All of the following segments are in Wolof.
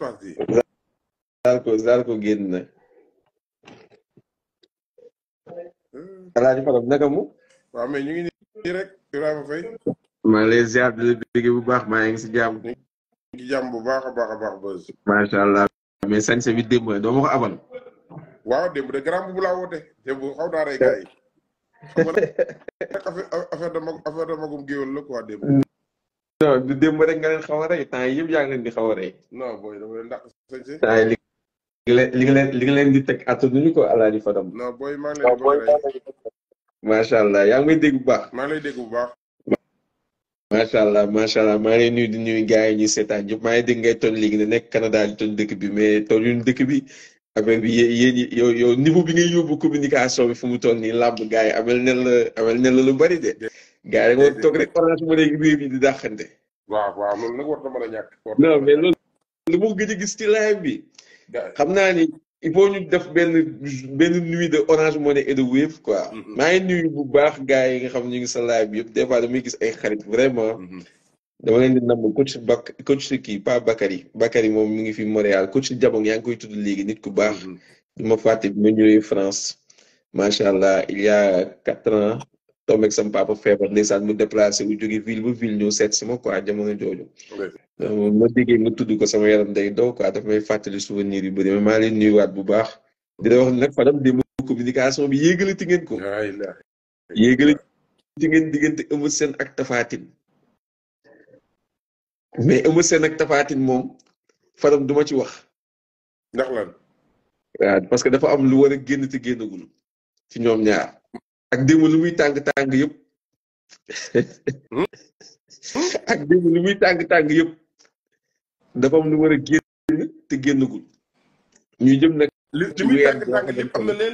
jest partii. Zarko, Zarko génn na. Euh. Alaaji Fadam naka mu. waaw mais ñu ngi nii rek Ibrahima Faye. maa ngi lay ziar di la bëgg bu baax maa ngi si jàmm. ñu ngi si jàmm bu baax a baax a baax bës. macha allah mais sañse bi démb la doo ma ko abal. waaw démb de grand bu laa woote démb xaw naa rey gars yi. xam nga nag affaire affaire de magum géwél la quoi démb. non du démb rek nga leen xaw a rey temps yëpp yaa ngi leen di xaw a rey. non booy dama leen dàq li nga leen li nga leen di teg attanuñu ko alaaji ko non booy maa ngi leen di bëgg a allah yaa ngi may dégg bu baax. maa lay dégg bu baax. macha allah macha allah maa ngi lay nuyu di nuyu gars yi ñuy seetaan ñëpp maa ngi dégg ngay toll léegi ne nekk Canada di toll dëkk bi mais tolluñu dëkk bi affaire bi yéen yow yow niveau bi ngay yóbbu communication bi fu mu toll nii làmb gars yi amal ne la amal la bari de. gaa yi moom eh, toog rek orange mu nekk réew yi di dàqante. waaw waaw loolu nag war na mën a ñàkk. non mais loolu lu mu gëj a gis ci live bi. xam naa ni il faut ñu def benn benn nuit de orange money et de wave quoi. Mm-hmm. maa ngi nuyu bu baax gars yi nga xam ñu ngi sa live bi yëpp des fois gis ay xarit vraiment. Mm-hmm. dama leen di namm coach Bak coach kii pas Bakary Bakary moom mi ngi fi Montréal coach Jabong yaa ngi koy tudd léegi nit ku baax. Mm-hmm. du ma fàtte bi ma France macha allah il y quatre ans. tomek sama papa feebar ndeysaan mu déplacé wu jóge ville bu ville ñu seet si ma quoi jamono jojo euh, mo diggé mu tuddu ko sama yaram day do quoi da fay fatali souvenir yu bari ma lay nuyu wat bu baax. di la wax nag Fadam démb communication bi yéggal ti ngeen ko. yéggal ti ngeen diggante amu sen ak tafatin mais amu sen ak tafatin mom fa dem duma ci wax. ndax lan. parce que dafa am lu war a génn te génnagul ci ñom ñaar. ak démb lu muy tàng-tàng yëpp hmm? ak démb lu muy tàng-tàng yëpp dafa am lu war a génn te génnagul ñu jëm nag li ci muy tàng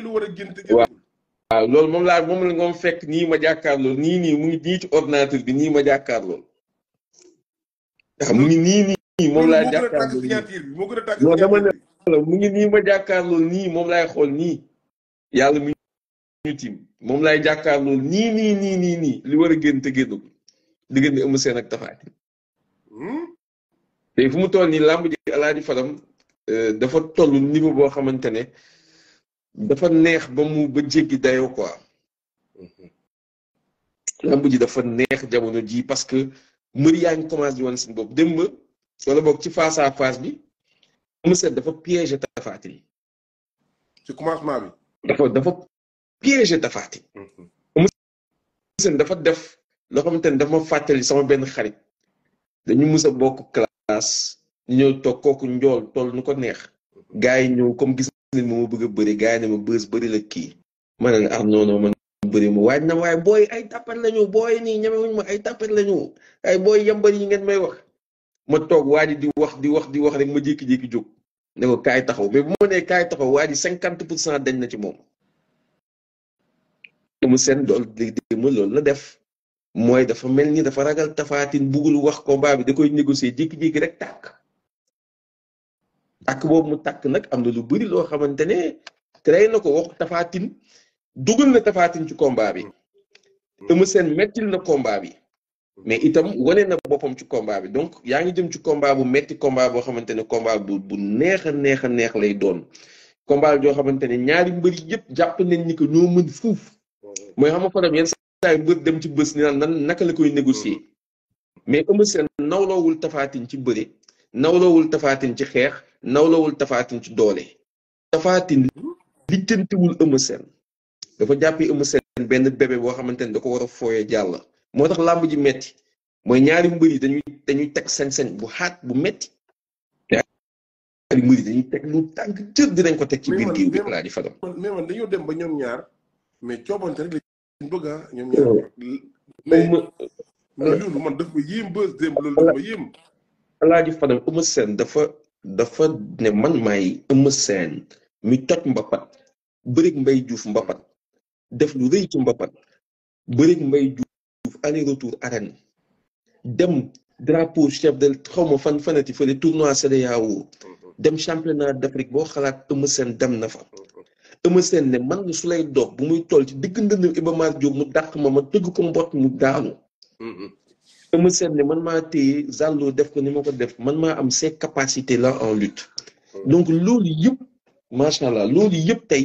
lu war a génn te waaw loolu moom laa moom la ngoom fekk nii ma jàkkaarloo nii nii mu ngi nii ci ordinateur bi nii ma jàkkaarloo waaw mu ngi nii nii moom laa jàkkaarloo non dama nii moom laay xool nii yàlla mi ñu tiim moom lay jàkkaarloo nii nii nii nii nii li war a génn te génnagul diggante Eumeu Sène ak Tapha Tine hmm? tey fu mu toll nii làmb ji Alaaji Fadam euh, dafa toll niveau boo xamante ne dafa neex ba mu ba jéggi dayoo quoi hmm. làmb ji dafa neex jamono ji parce que mbër yaa ngi commencé di wan seen bopp démb wala boog ci face à bi Eumeu Sène dafa piégé Tapha ci commencement bi dafa dafa piégé Tapha Tine. Eumeu mm-hmm. Sène dafa def loo xamante ne dafa ma fàttali sama benn xarit dañu mus a bokk classe ñu ñëw toog kooku njool tool nu ko neex. Mm-hmm. gaa yi ñëw comme gis nañ ma ma bëgg a bëri gars yi ne ma bës bëri la kii ma ne ah non non man bëri ma waaj na waaye booy ay tappat lañu booy nii ñemewuñ ma ay tappat lañu ay booy yambar yi ngeen may wax. ma toog waa ji di wax di wax di wax rek ma jékki-jékki jóg ne ko kaay taxaw mais bu ma nee kaay taxaw waa cinquante pour cent dañ na ci moom. Eumeu Sène loolu Lac de Guiers loolu la def mooy dafa mel ni dafa ragal tafaatin bugul wax kombaa bi da koy négocier jékki-jékki rek tàkk tàkk boobu mu takk nag am na lu bëri loo xamante ne créé na ko wax tafaatin dugal na tafaatin ci combat bi Eumeu Sène mettil na combat bi mais itam wane na boppam ci combat bi donc yaa ngi jëm ci combat bu metti combat boo xamante ne combat bu bu neex a neex a neex lay doon combat bi joo xamante ne ñaari mbëri yëpp jàpp nañ ni ko ñoo mën fuuf mooy xam nga problème yenn saa yi mbër dem ci bës ni naan nan naka la koy négocier mais Eumeu Sène nawloowul tafaatin ci bëre nawloowul tafaatin ci xeex nawloowul tafaatin ci doole tafaatin lijjantiwul Eumeu Sène dafa jàppi Eumeu Sène benn bébé boo xamante ne da ko war a fooye jàll moo tax làmb ji metti mooy ñaari mbër yi dañuy dañuy teg sañ-sañ bu xaat bu metti ñaari mbër yi dañuy teg lu tànk cër dinañ ko teg ci biir géew bi laa di fa dañoo dem ba ñoom ñaar mais coobante rek lañ bëgg ah ñoom ñaar dafa dafa ne man may Eumeu Sène mi toj mbapat bërig mbay juuf mbapat def lu rëy ci mbapat bërig mbay juuf aller retour arène dem drapeau chef de xaw ma fan fanati fële tournoi CEDEAO mhm. dem championnat d'Afrique boo xalaat Eumeu Sène dem na Eumeu Sène ne man nga su lay doog bu muy toll ci digg ndënd Iba Mar Diop mu dàq ma ma tëgg ko mbott mu daanu. Mm-hmm. Eumeu Sène ne man maa téye Zallo def ko ni ma ko def man maa am see capacités la en lutte. Mm-hmm. donc loolu yëpp macha allah loolu yëpp tey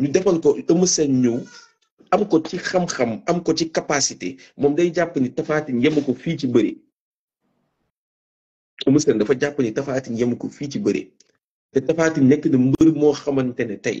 ñu defal ko Eumeu Sène ñëw am ko ci xam-xam am ko ci capacité moom day jàpp ni tafaatin yem ko fii ci bëri. Eumeu dafa jàpp ni tafaatin yem ko fii ci bëri te tafaatin nekk na mbër moo xamante ne tey.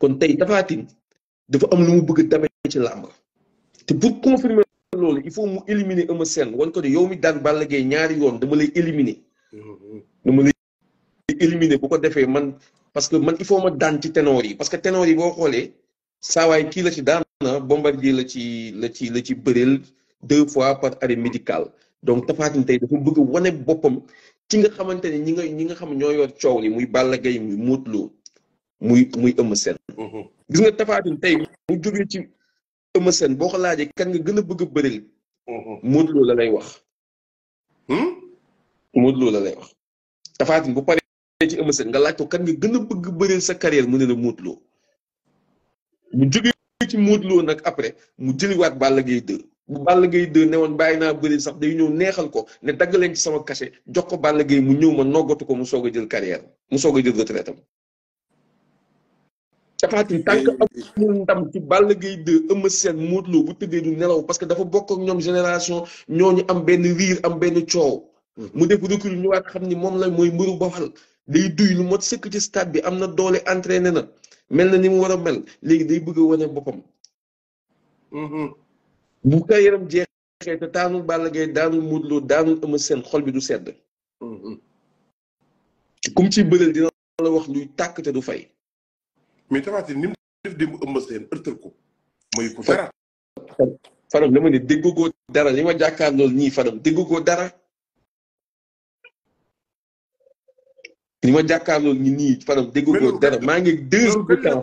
kon tey Tapha dafa am lu mu bëgg tamit ci làmb te pour confirmer loolu il faut mu éliminer Eumeu Sène wan ko ne yow mi daan Balla Gaye ñaari yoon dama lay éliminer dama lay éliminer bu ko defee man parce que man il faut ma daan ci ténor yi parce que ténor yi boo xoolee saawaay kii la ci daana Bombardier la ci la ci la ci bëreel deux fois par arrêt médical donc Tapha Tine tey dafa bëgg wane boppam ci nga xamante ne ñi nga ñi nga xam ñoo yor coow li muy Balla Gaye muy Modou muy muy Eumeu Sène mm-hmm. gis nga Tapha Tine tey mu jógee ci Eumeu seen boo ko laajee kan nga gën a bëgg a bëril mm-hmm. la lay wax hmm? Modou Lo la lay wax Tapha Tine bu paree ci Eumeu Sène nga laaj ko kan nga gën a bëgg bëril sa carrière mu ne la Modou Lo mu jógee ci Modou Lo nag après mu jëliwaat Balla Gaye 2 bàll Balla Gaye 2 ne woon bàyyi naa bëri sax day ñëw neexal ko ne dagg leen ci sama cachet jox ko Balla Gaye mu ñëw ma noggatu ko mu soog a jël carrière mu soog a jël retraite Tapha Tine tànk que amul ndam ci Balla Gaye 2 Eumeu Sène Modou bu tëddee du nelaw parce que dafa bokk ak ñoom génération ñoo ñooñu am benn riir am benn coow. Mhm. mu def recul ñëwaat xam ni moom la mooy mbëru Bawal day duy lu mot sëkk ci stade bi am na doole entraîné na mel na ni mu war a mel léegi day bëgg a wane boppam. Mhm. bu carrière am jeexee te taanul Balla Gaye daanul Modou Lô daanul seen xol bi du sedd. Mhm. kum ci bëreel dina la wax luy tàkk te du fay. mais tamit ni mu def démb ëmb seen ërtël ko mayu ko dara. Fadam dama ne déggu ko dara li ma jàkkaarlool ñii Fadam déggu dara. li ma jàkkaarlool ñi nii Fadam déggu ko dara maa ngi deux heures de temps.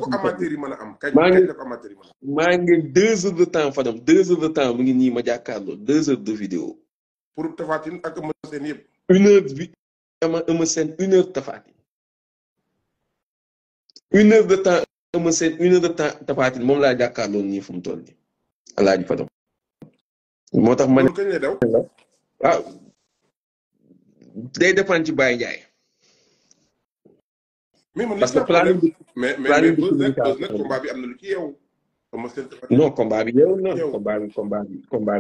maa ngi maa ngi deux heures de temps Fadam deux heures de temps mu ngi nii ma jàkkaarlool deux heures de vidéo. pour Tapha Tine ak Eumeu yëpp. une heure bi ama Eumeu Sène une heure de temps Eumeu Sène une heure de laa jàkkaarloo nii fu mu toll a alaaji Fadam moo tax ma ne waaw ah, day dépendre ci Baye Ndiaye parce que planning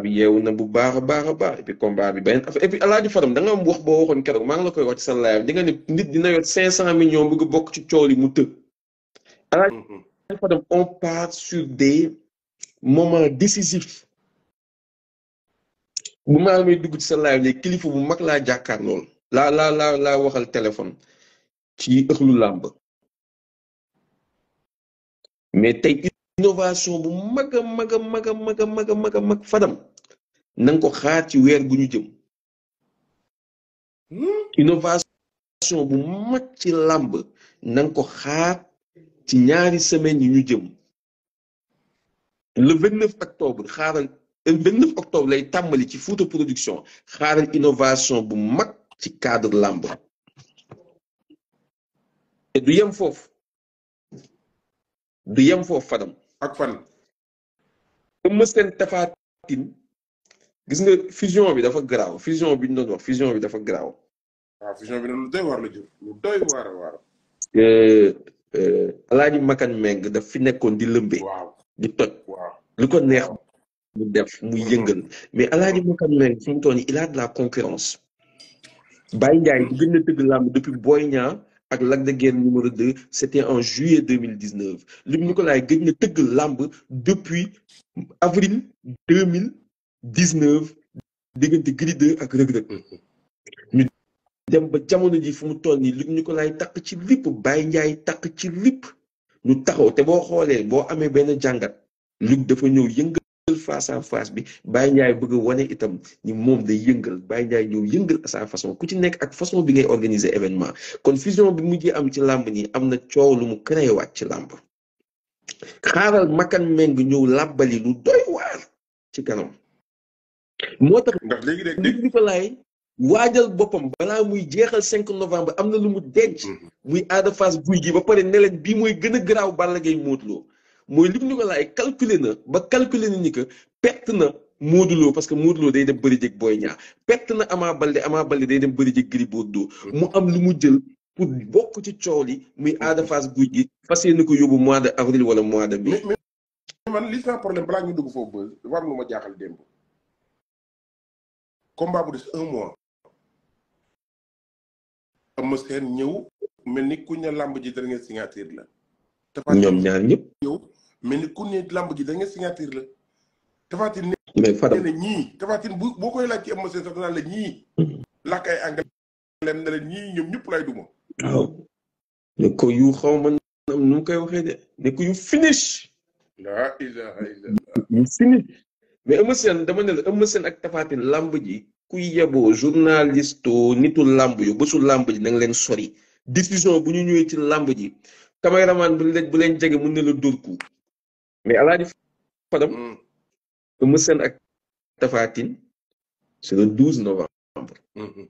bi yeewu na bu baax a baax a baax et puis combat bi beneen affaire et puis alaaji Fadam da wax boo waxoon keroog maa ngi la koy wax ci sa live di ne nit dina yot cinq cent millions bëgg bokk ci cool yi mu tëb Alors, mm-hmm. on part sur des moments décisifs. bu ma sa téléphone mais tey innovation bu mag a mag a mag fadam innovation ci ñaari semaine yi ñu jëm le vingt neuf octobre xaaral vingt neuf octobre lay tàmbali ci Fouta Production xaaral innovation bu mag ci cadre làmb te du yem foofu du yem foofu fadam ak fan Eumeu Sène Tapha Tine gis nga fusion bi dafa garaaw fusion bi ñu doon wax fusion bi dafa garaaw lu doy waar lu waar waar euh, Euh, alaaji makan meng daf fi nekkoon di lëmbe di toj lu ko neex mu def mu yëngal mais alaaji makan meng fi mu toll il a de la concurrence Baye Ndiaye bu gën a tëgg làmb depuis Boy Niang ak Lac de guerre numéro 2 c' était en juillet 2019 lim Nicolas gëj na tëgg làmb depuis avril 2019 diggante Gris 2 ak Reug mm-hmm. dem ba jamono ji fu mu toll nii ko lay takk ci lipp Baye Ndiaye takk ci lipp ñu taxaw te boo xoolee boo amee benn jàngat Luc dafa ñëw yëngal face à face bi Baye Ndiaye bëgg wane itam ni moom day yëngal Baye Ndiaye ñëw yëngal à façon ku ci nekk ak façon bi ngay organiser événement kon fusion bi mujjee am ci làmb nii am na coow lu mu créé waat ci làmb xaaral makan meng ñëw làbbali lu doy waar ci kanam moo tax Luc Nicolaï waajal boppam balaa muy jeexal 5 novembre am na lu mu denc. Mm-hmm. muy aada Fass guy gi ba pare ne leen bii mooy gën a garaaw Balla Gaye Modou Lo mooy lim ñu ko laay calculer na ba calculer na ni que perte na Modou Lo parce que Modou day dem bëri jëg Boy Niang perte na Ama Baldé Ama Baldé day dem bëri jëg Gris Bordeaux mm-hmm. mu am lu mu jël pour bokk ci coow li muy Ada Fass guy gi fas yéene ko yóbbu mois de avril wala mois de mai. mais man li sama problème balaa ñu dugg foofu war lu ma jaaxal démb. combat Eumeu Sène ñëw mel ni ku ne làmb ji dernière signature la. Tapha Tine ñoom ñaar ñëpp. ñëw mel ni ku ne làmb ji dernière signature la. Tapha Tine mais Fadam nee na ñii Tapha Tine bu boo koy laaj ci Eumeu Sène sax danaa la ñii. Hmm. làkk ay anglais ne la ñii ñoom ñëpp lay duma. waaw ne ko yu xaw ma nu mu koy waxee de ne ko yu finish. la ilaha illallah yu finish mais Eumeu Sène dama ne la Eumeu Sène ak Tapha Tine ji. ku yeboo journaliste nitu làmb yu bésu làmb ji nan leen sori décision bu ñu ñëwee ci làmb ji caméraman bu leen bu leen jege mën na la dóor ku mais alaaji fadam hmm. Eumeu Sène ak Tapha Tine c'est le 12 novembre hmm, hmm.